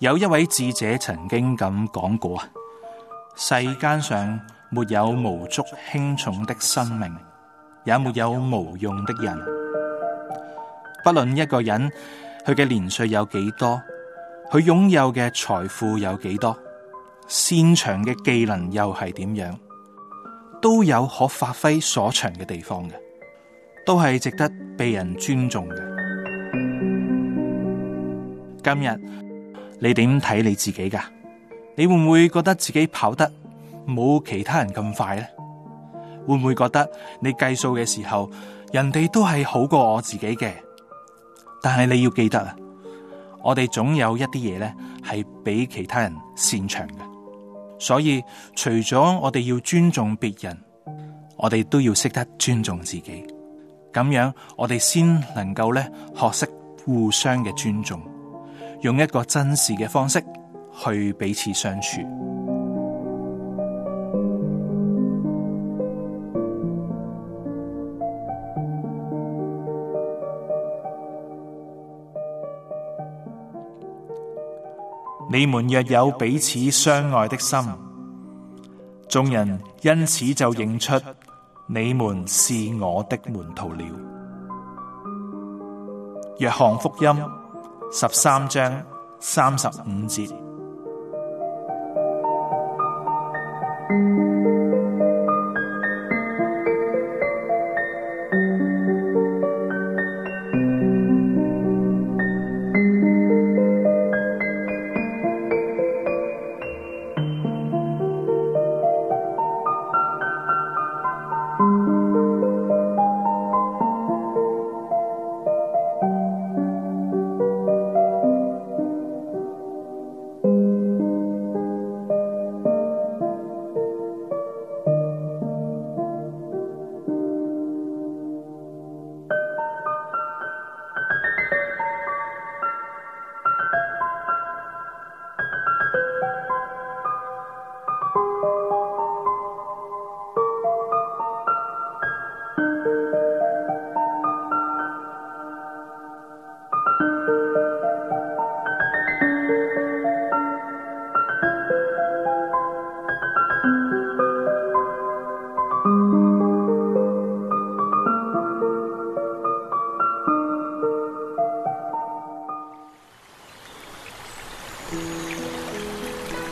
有一位智者曾經咁講過啊：世間上沒有無足輕重的生命，也沒有無用的人。不論一個人佢嘅年歲有幾多，佢擁有嘅財富有幾多，擅長嘅技能又係點樣，都有可發揮所長嘅地方嘅，都係值得被人尊重嘅。今日。你點睇你自己噶？你會唔會覺得自己跑得冇其他人咁快咧？會唔會覺得你計數嘅時候，人哋都係好過我自己嘅？但係你要記得啊，我哋總有一啲嘢咧係比其他人擅長嘅。所以除咗我哋要尊重別人，我哋都要識得尊重自己。咁樣我哋先能夠咧學識互相嘅尊重。用一個真實嘅方式去彼此相處。你們若有彼此相愛的心，眾人因此就認出你們是我的門徒了。約翰福音。十三章三十五節。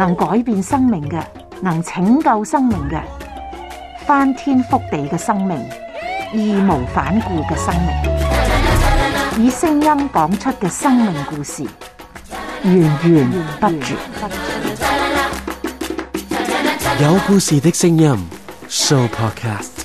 能改變生命嘅，能拯救生命嘅，翻天覆地嘅生命，義無反顧嘅生命，以聲音講出嘅生命故事，源源不絕，有故事的聲音，Sooo Podcast。